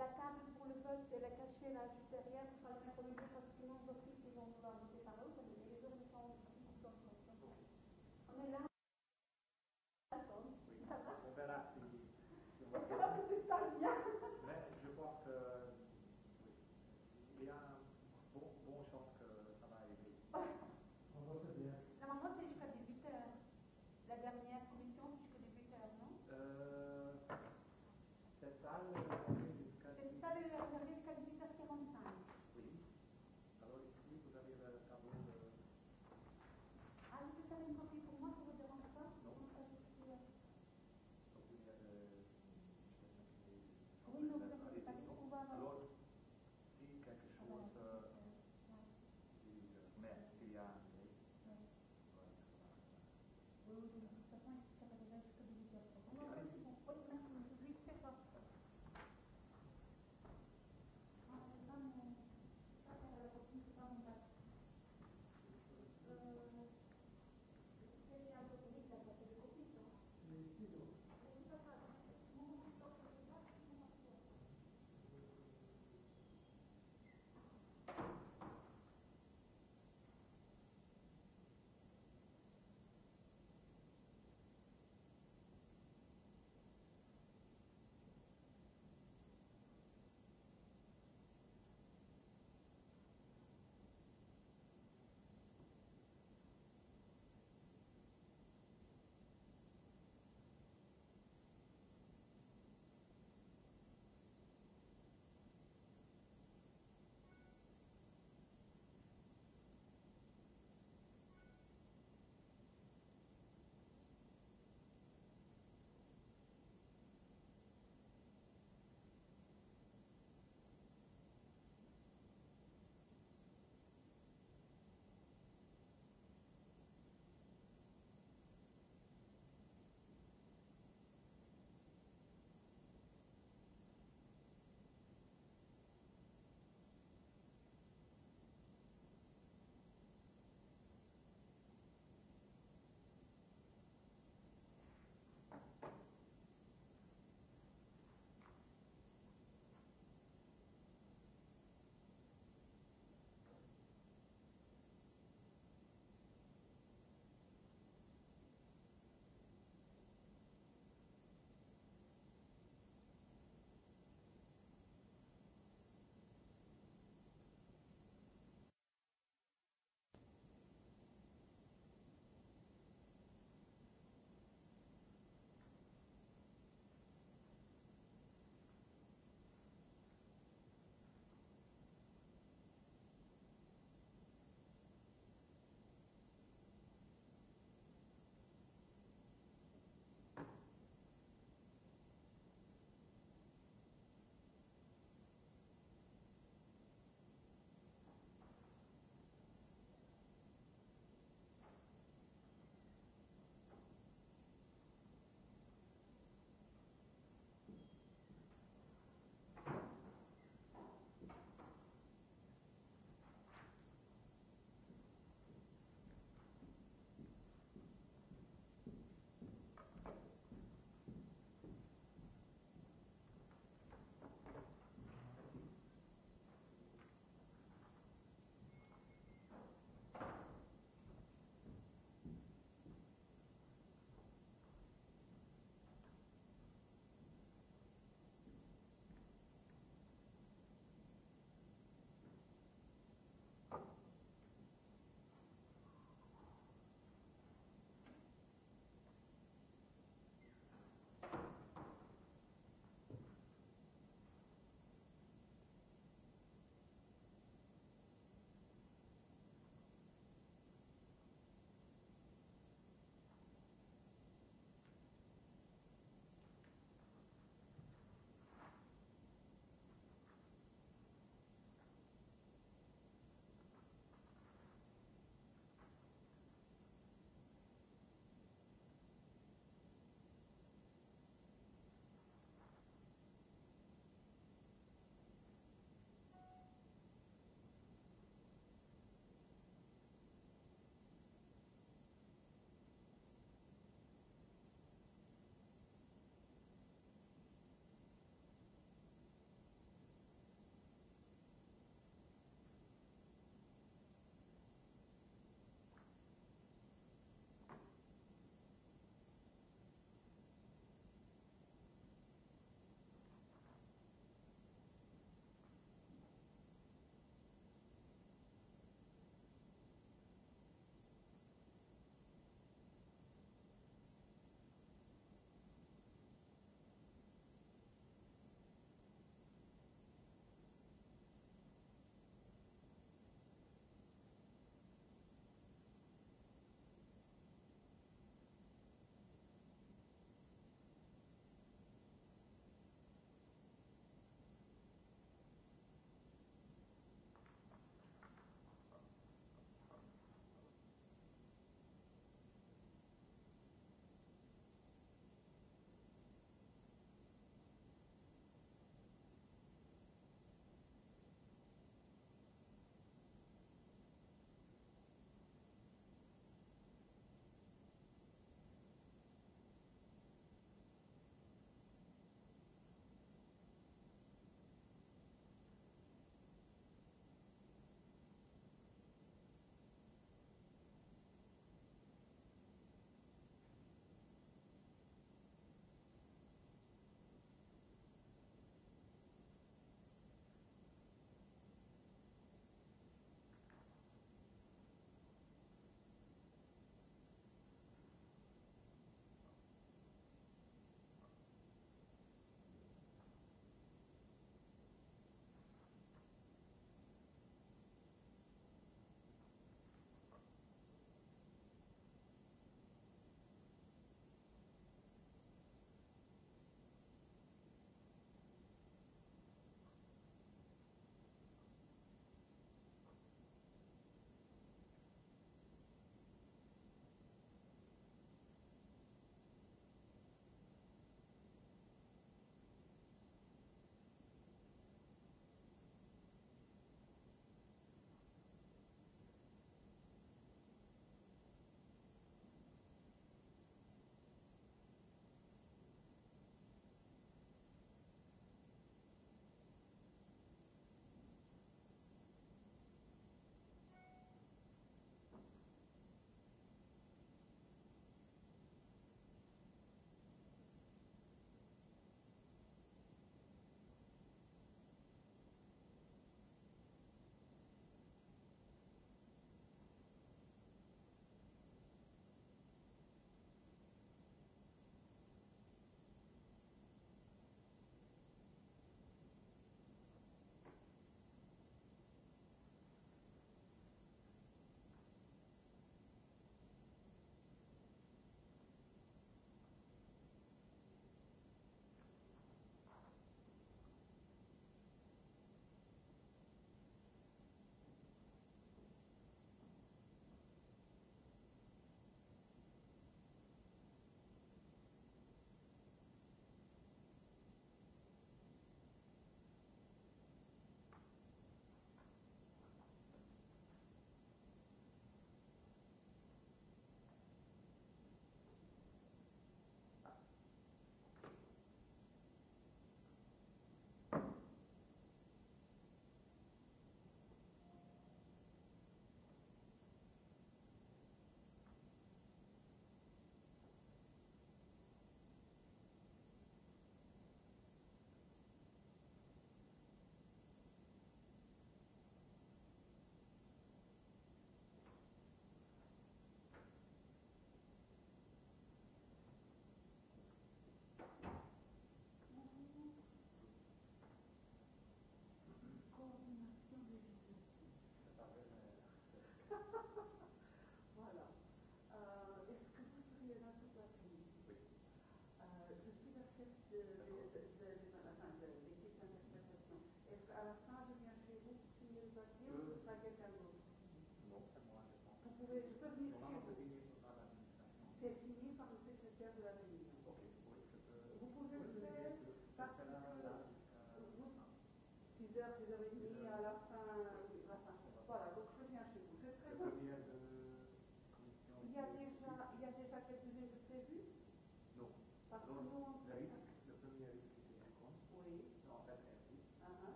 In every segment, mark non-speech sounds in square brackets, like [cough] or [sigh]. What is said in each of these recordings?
la table pour le vote et la cacher la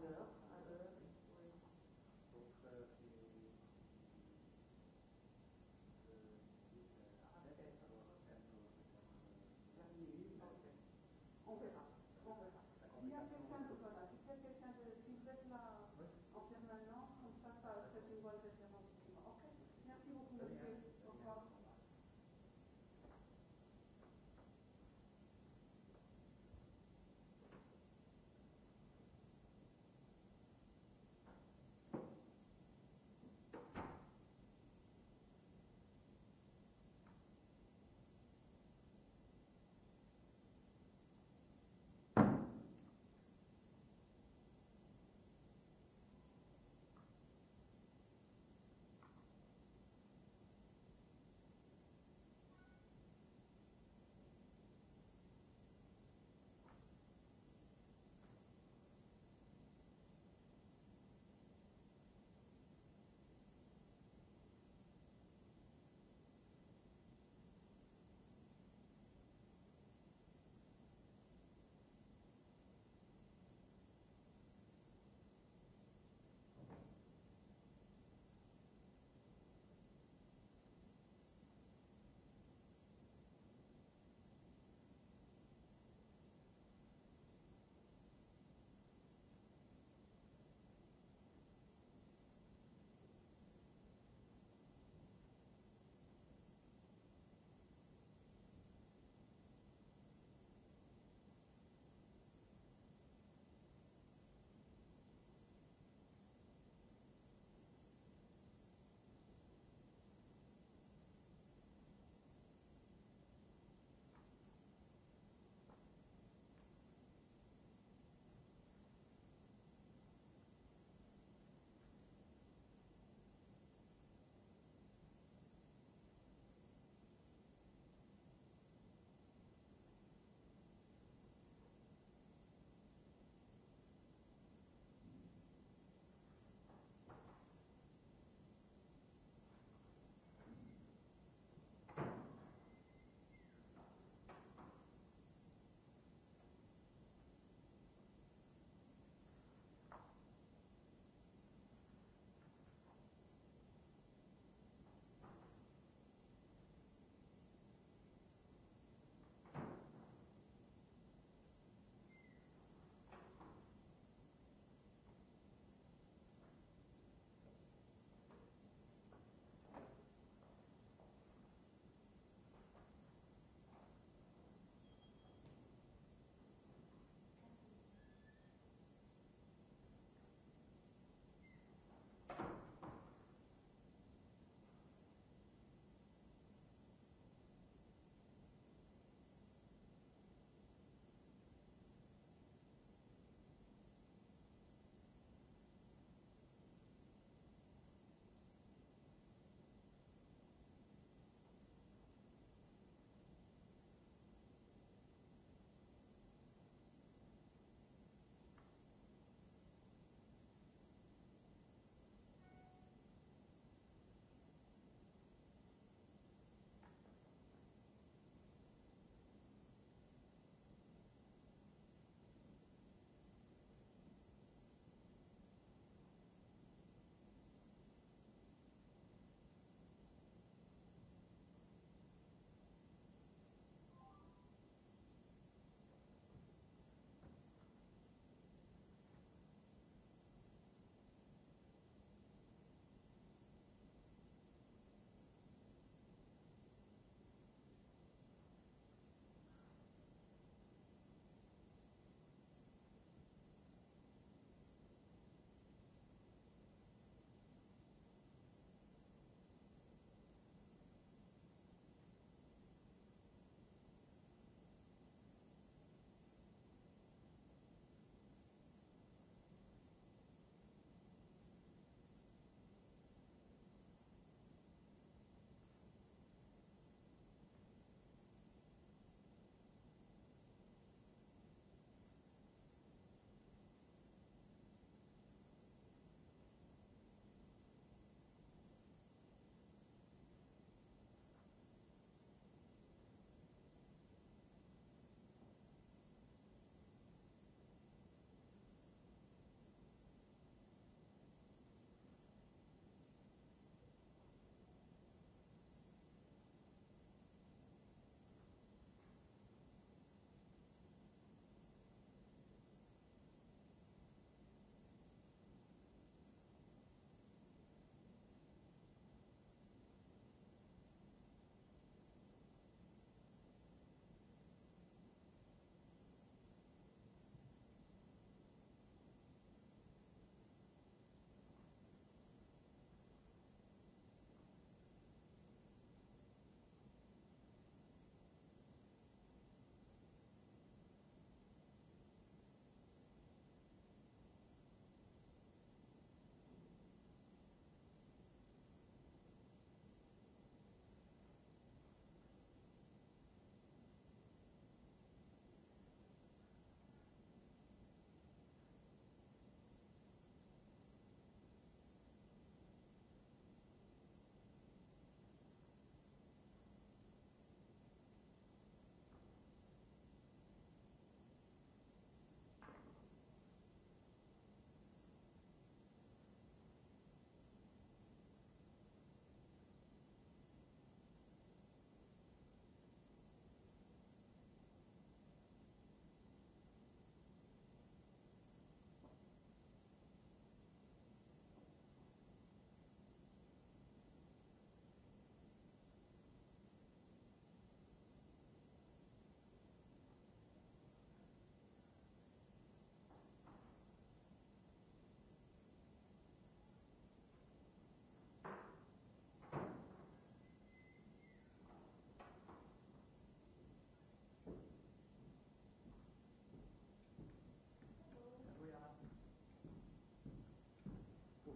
entrepreneurs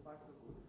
particles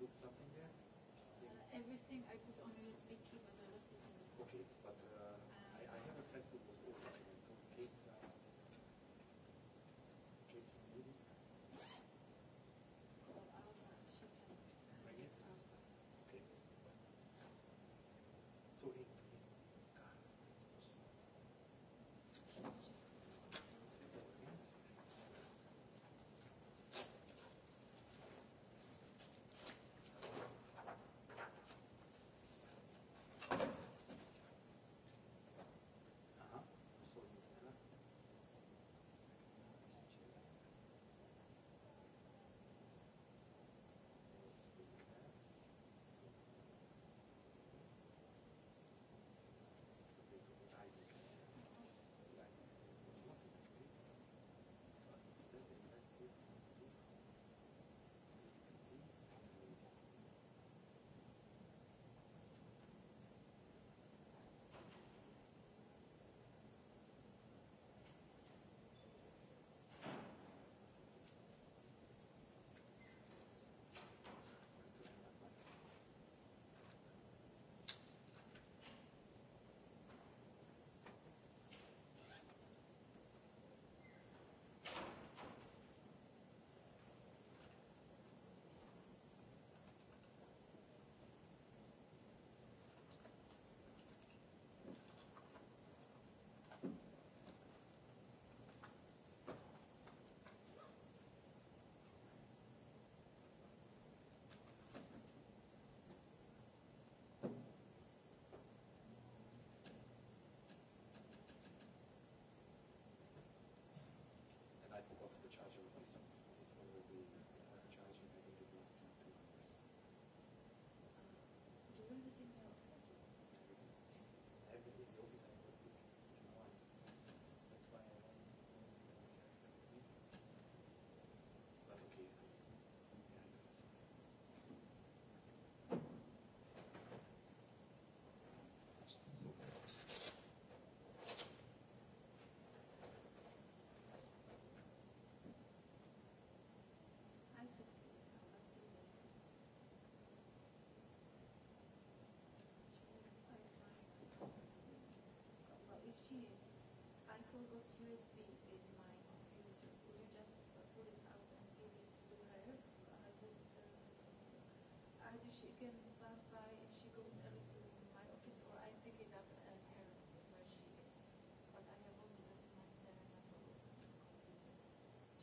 put something there? Uh, everything I put on USB key, but I left it in the. Okay, but uh, uh, I, I have access to those orders, so in case. Uh,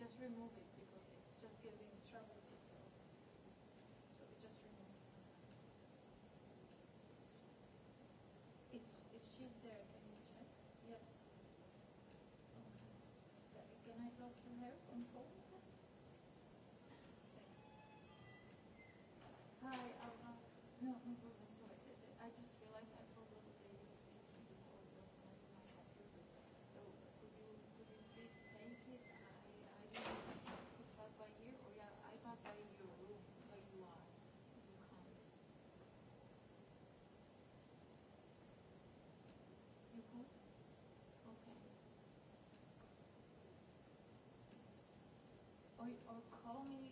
just remove it because it's just giving trouble to the So we just remove it. Is, if she's there, can you check? Yes. Okay. Can I talk to her on phone? or call me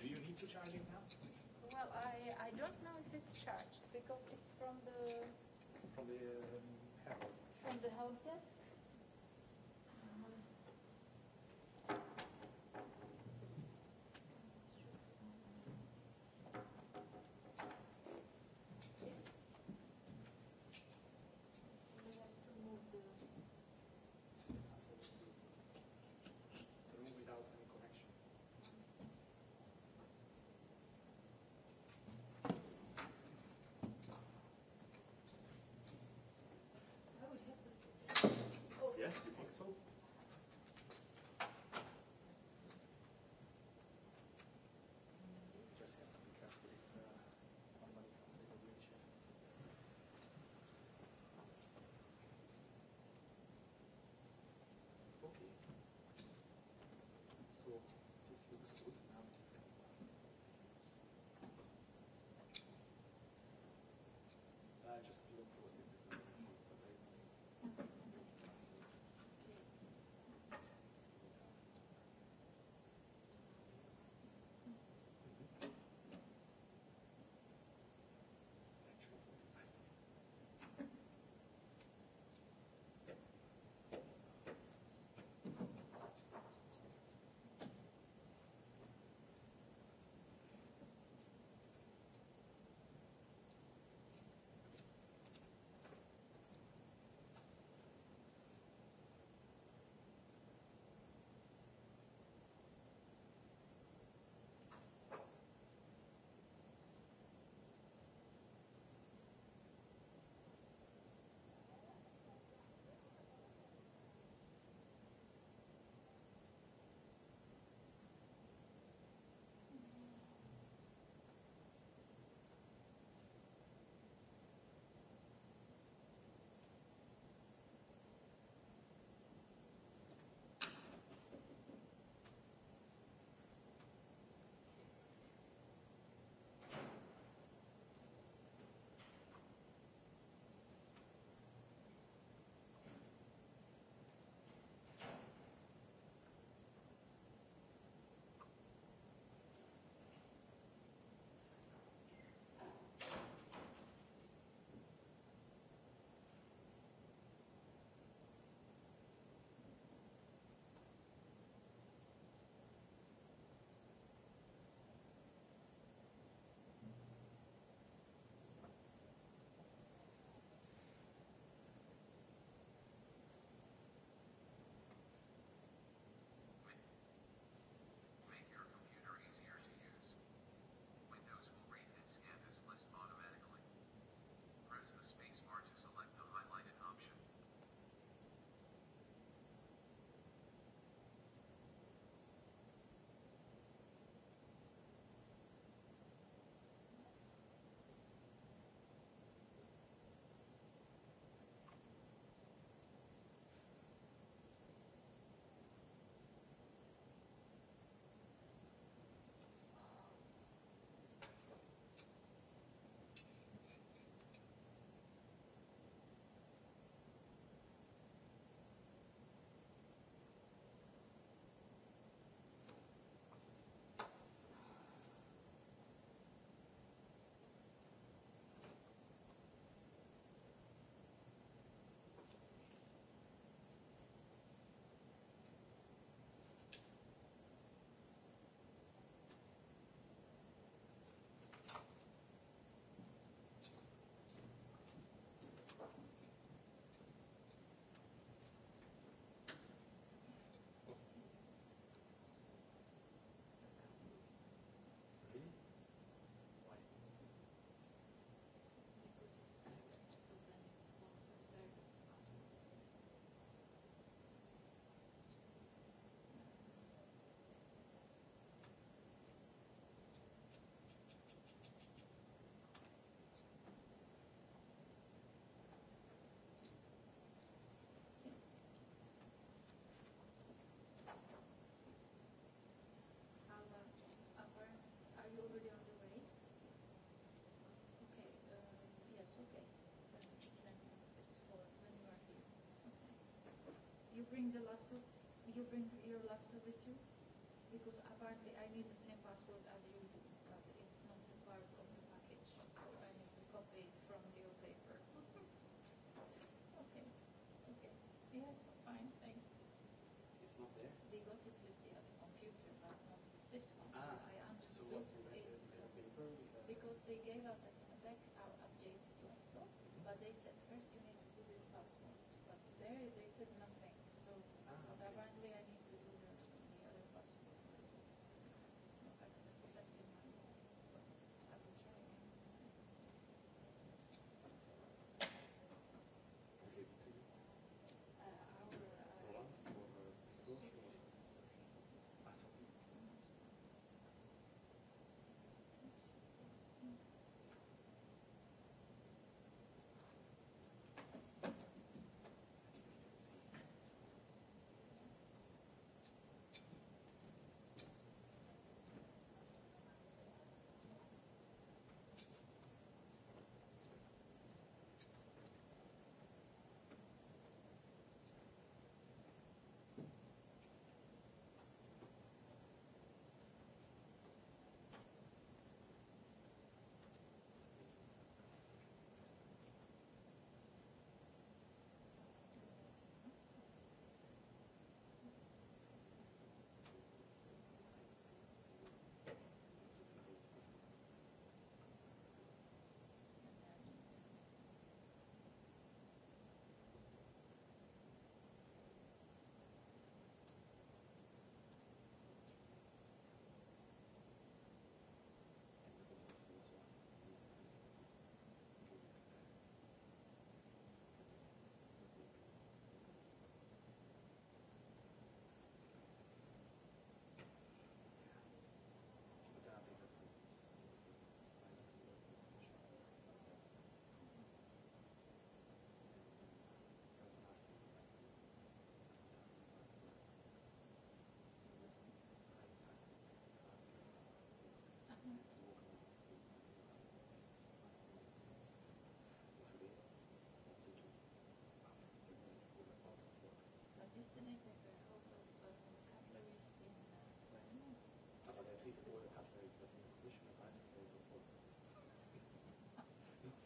Do you need to charge it now? Well, I, I don't know if it's charged because it's from the... From the um, From the help desk? council bring the laptop, you bring your laptop with you? Because apparently I need the same password as you do, but it's not a part of the package, so I need to copy it from your paper. [laughs] okay, okay. Yes, fine, thanks. It's not there? They got it with the other computer, but not with this one, ah, so I understood so what's in it's... Uh, paper we Because they gave us a, back our updated laptop, mm -hmm. but they said first you need to do this password. But there they said no,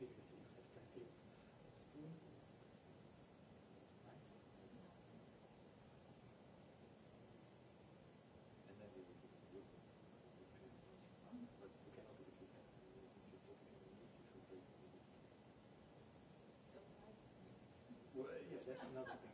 you well, yeah, that's another thing.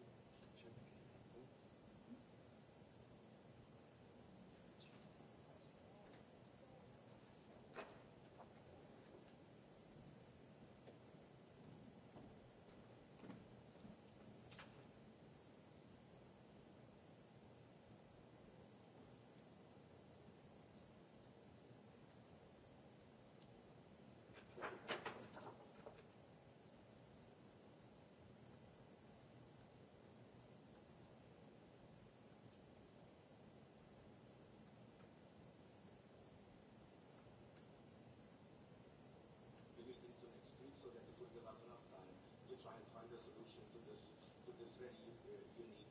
very unique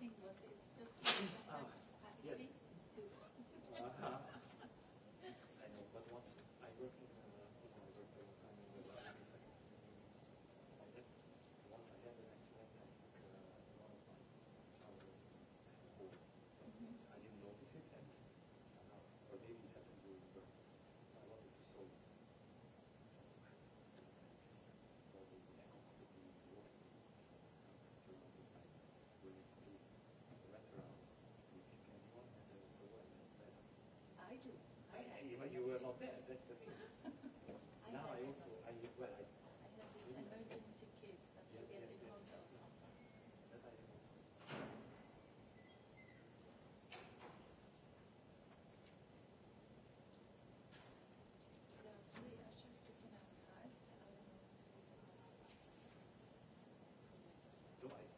think, look, it's just sometimes oh.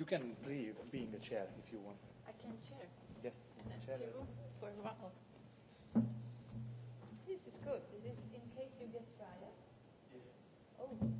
You can leave being the chair if you want. I can chair. Yes. And chair. for a while. This is good. This is in case you get riots. Yes. Oh.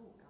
våga.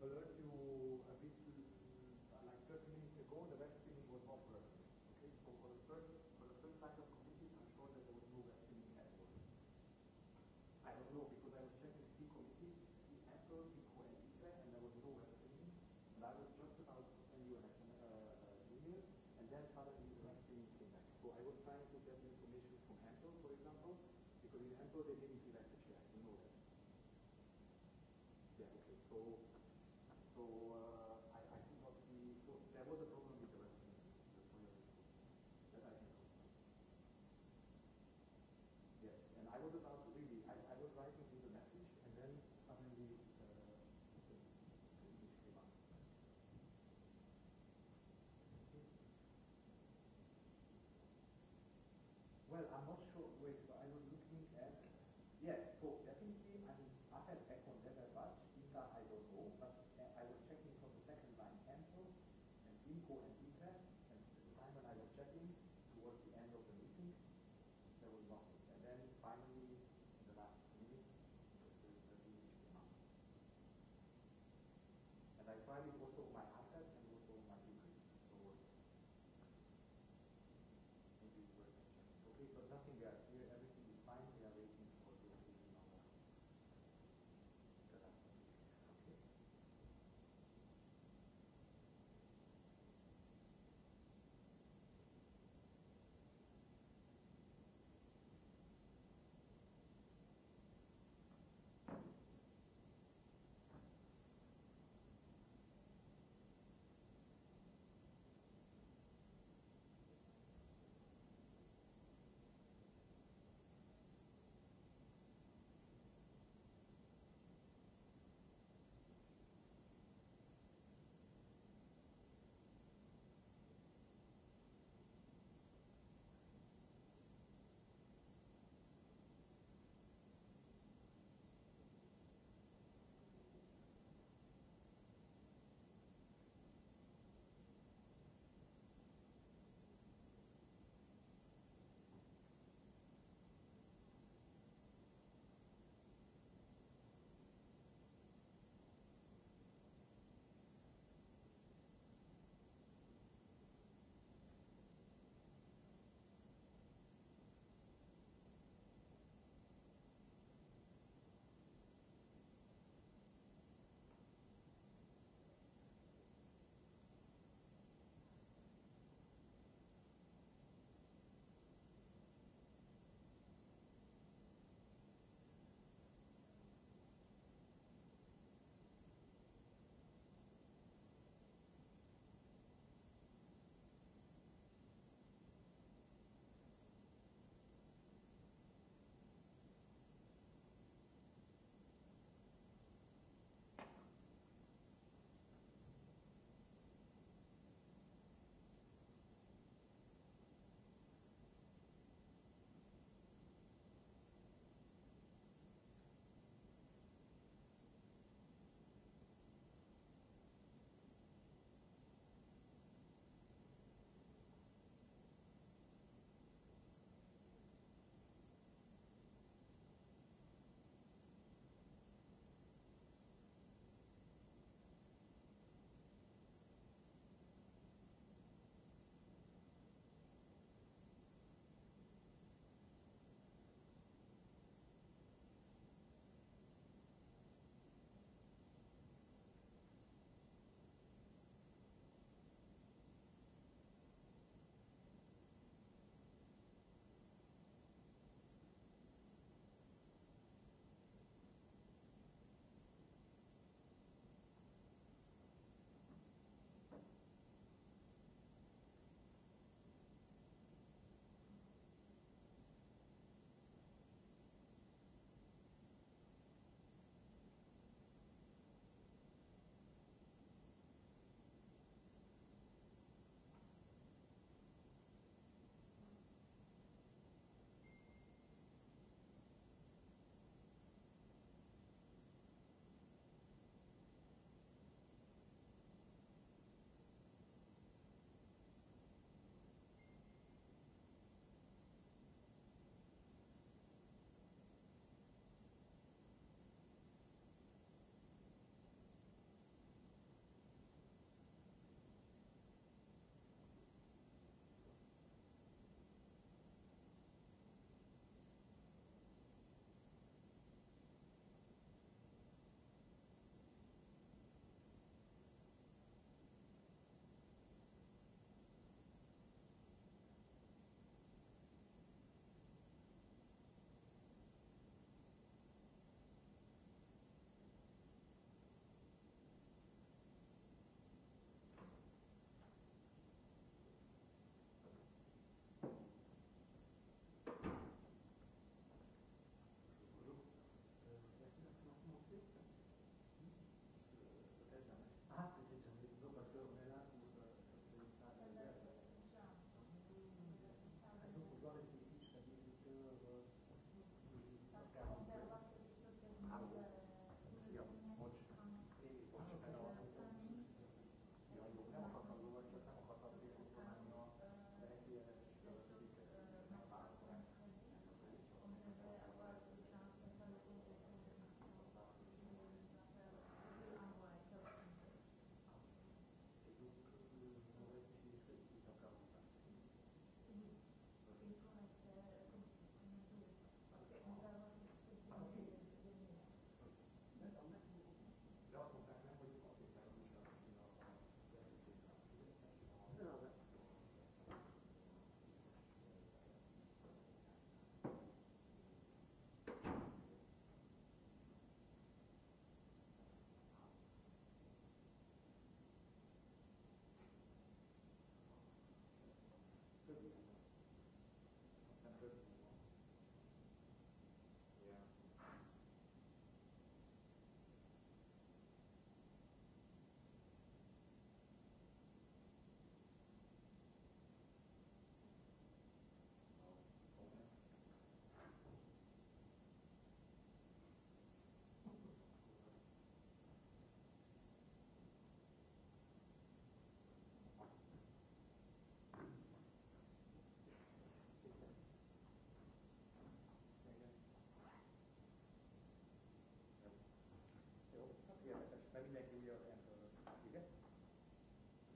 I you a bit uh, like 30 minutes ago, the vaccine was not working. Okay, for the first, for of committees, I'm sure that there was no vaccine at all. I don't know because I was checking three committees, the Apple, the Coentica, and there was no vaccine. I was just about to send you uh, an email, and then suddenly the vaccine came back. I was trying to get information from for example, because in they didn't you know that. Yeah, okay, Uh, I, think there was a problem with the Yes, and I was about to really, I, was writing the message, and then suddenly uh, Well, I'm not sure. Wait, Why we also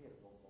tillgång.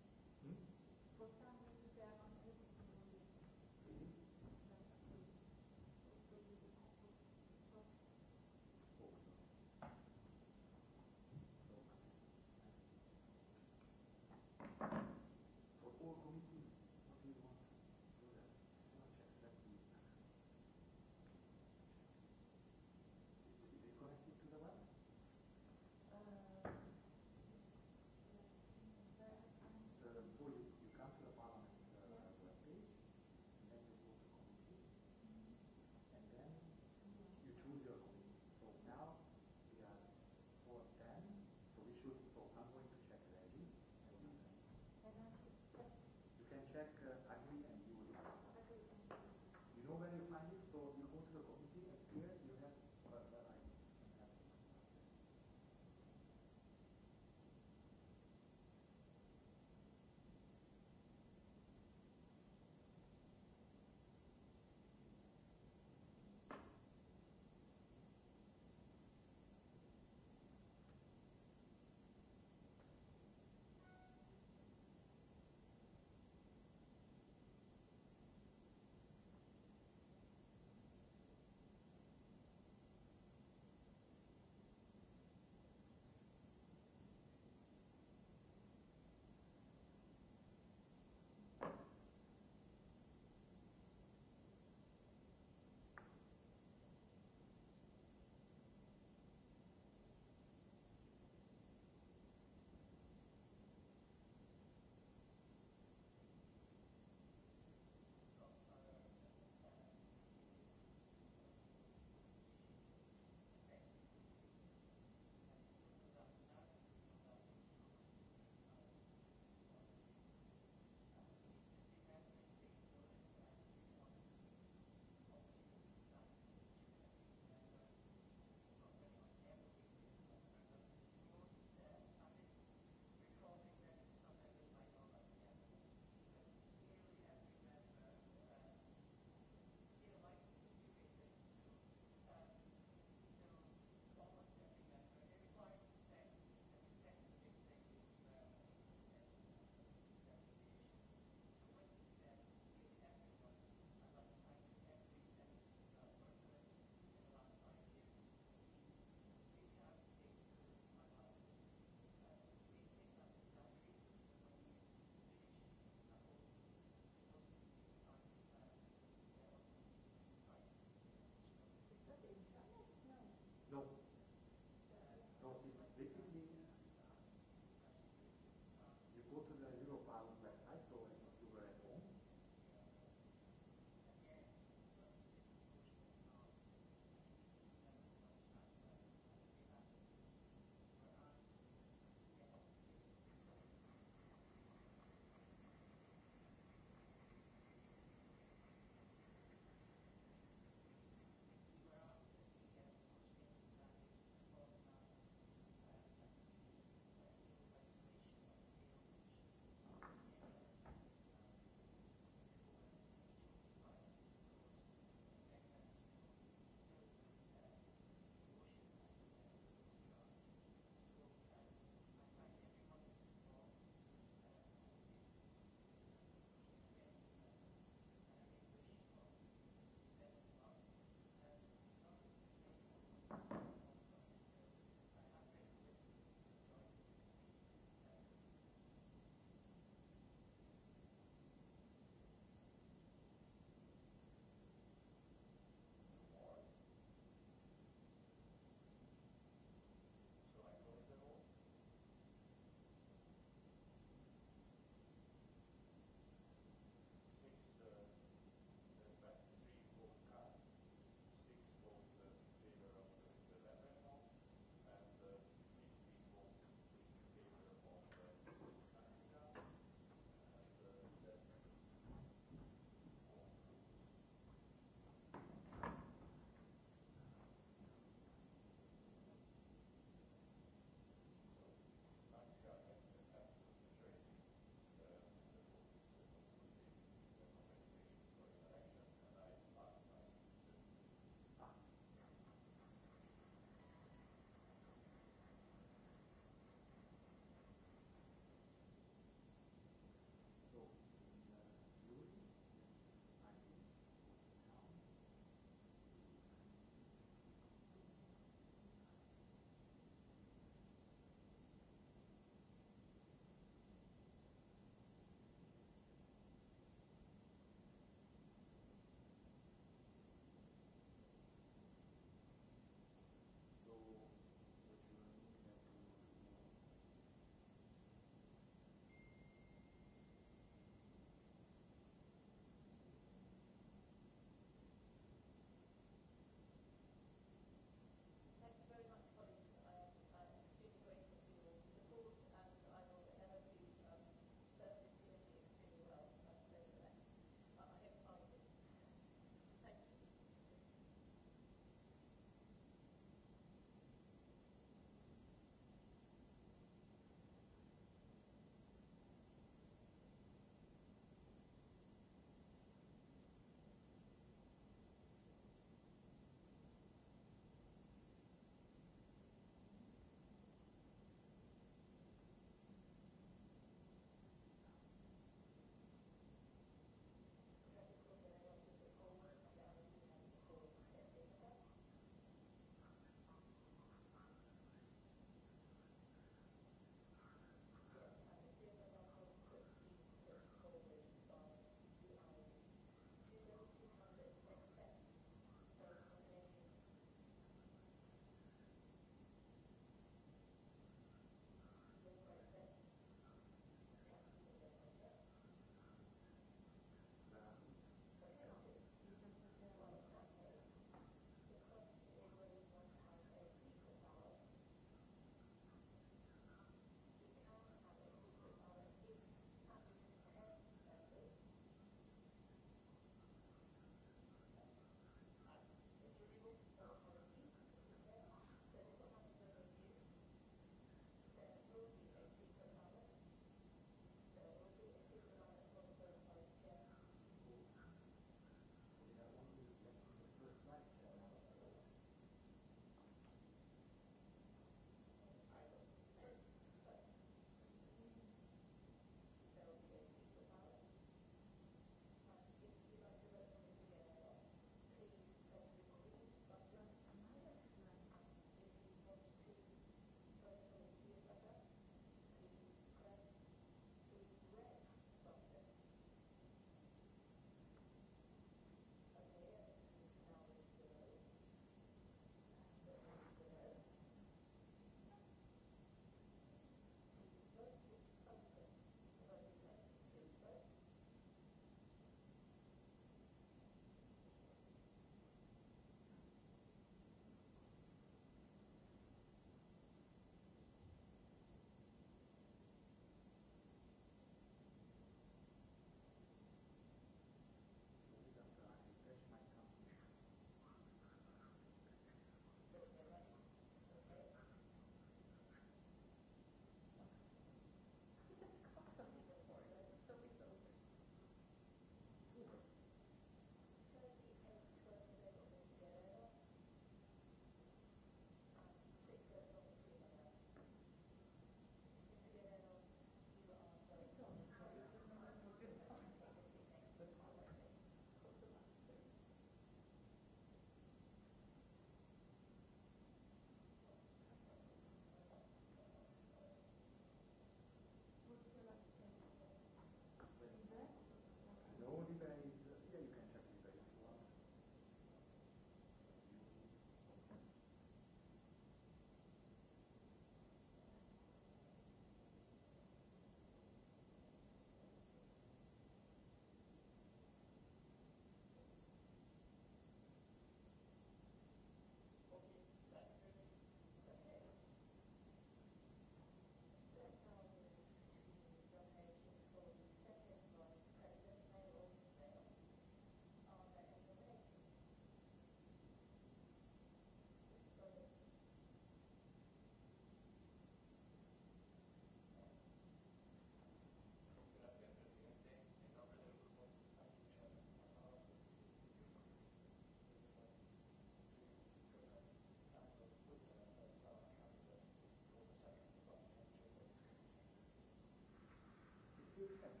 kyllä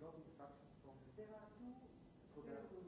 Goldman Sachs from Literatur, Kultur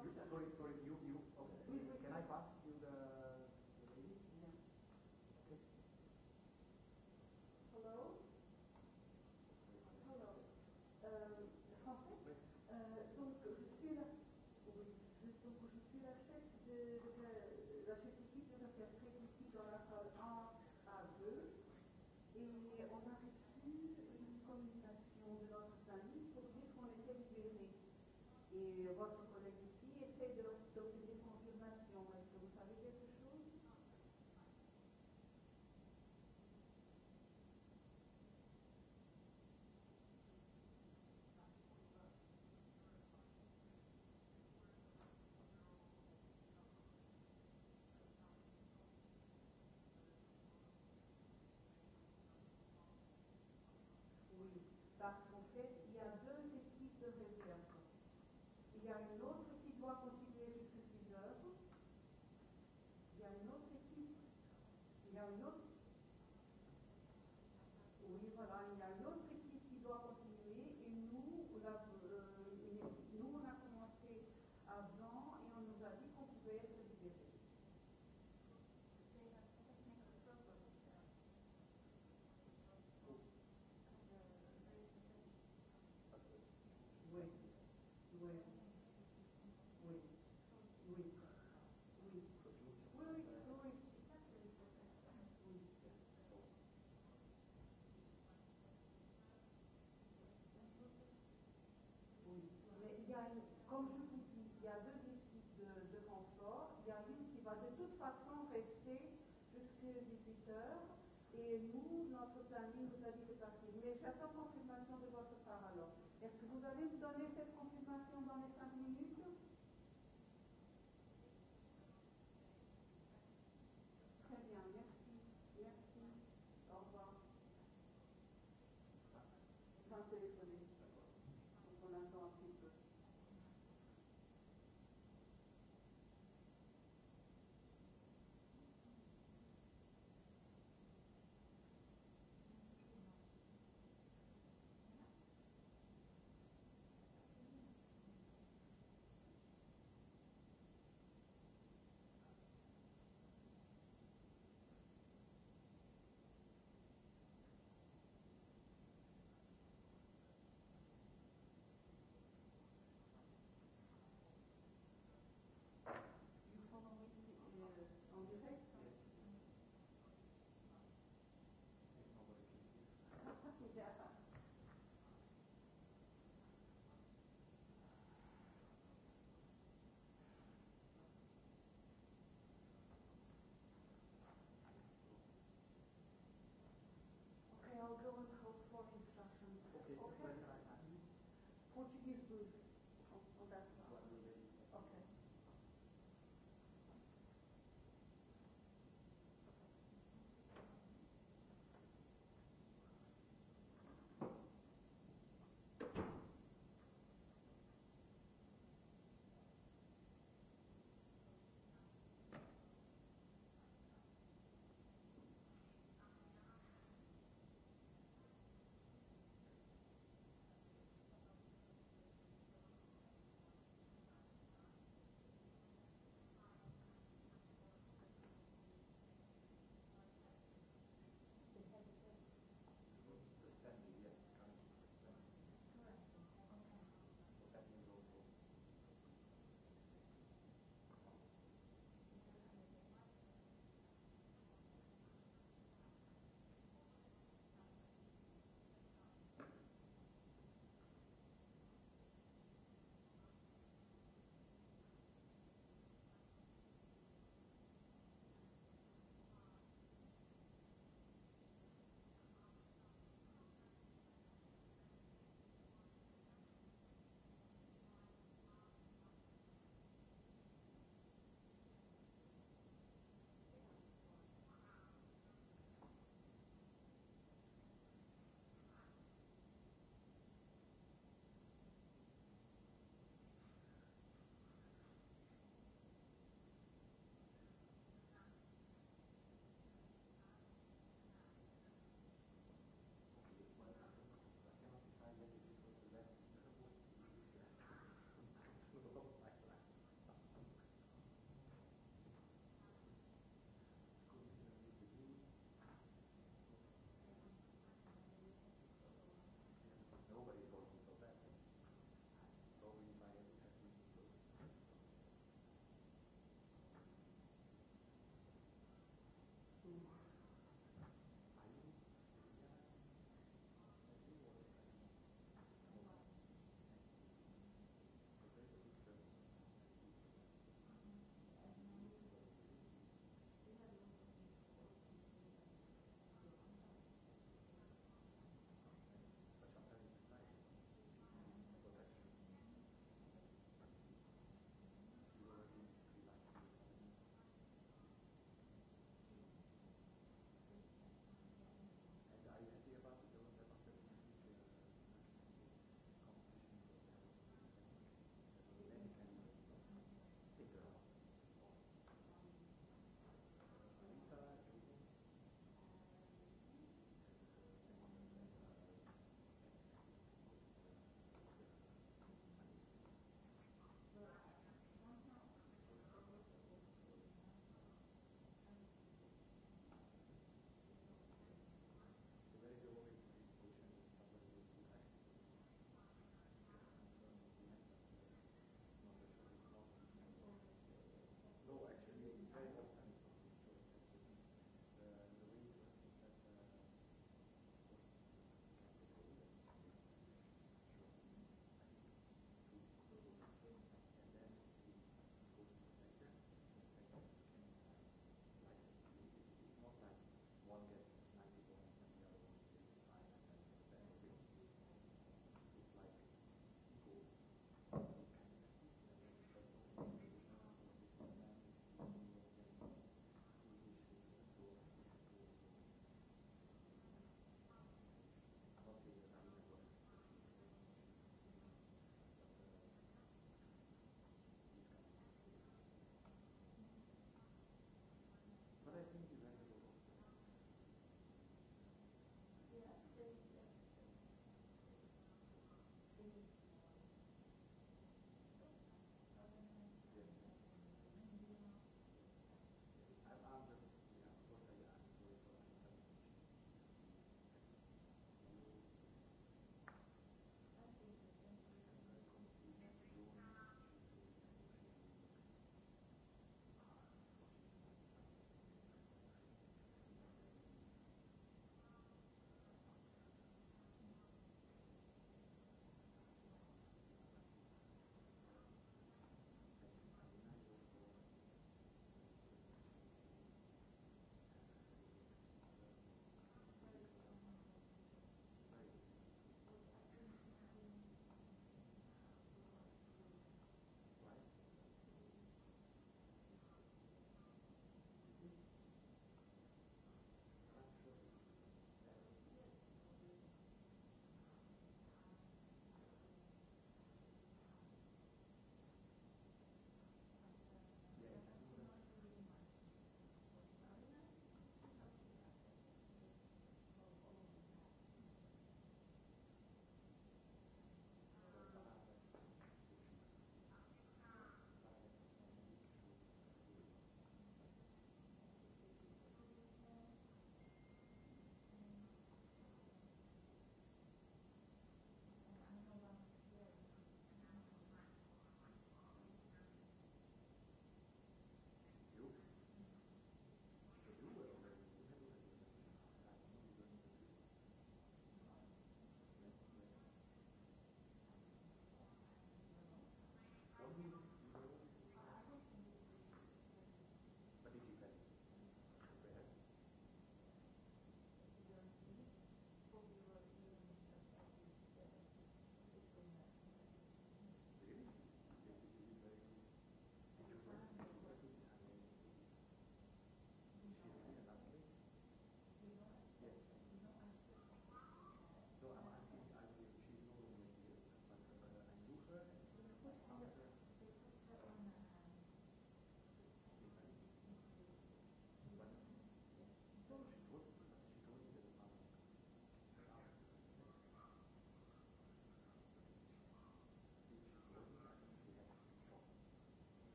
assumptions Diagnóz 72%.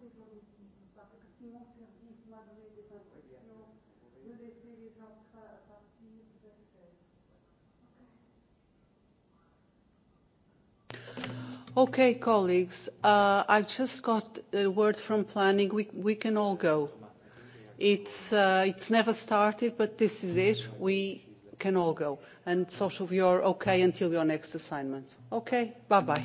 parce que service m'a donné des de laisser les gens partir, Okay, colleagues, uh, I just got a word from planning. We, we can all go. It's, uh, it's never started, but this is it. We can all go. And social, you're okay until your next assignment. Okay, bye-bye.